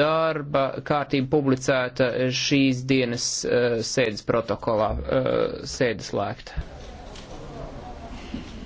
darba kārtība publicēta šīs dienas uh, sēdes protokolā, uh, sēdes lēgta.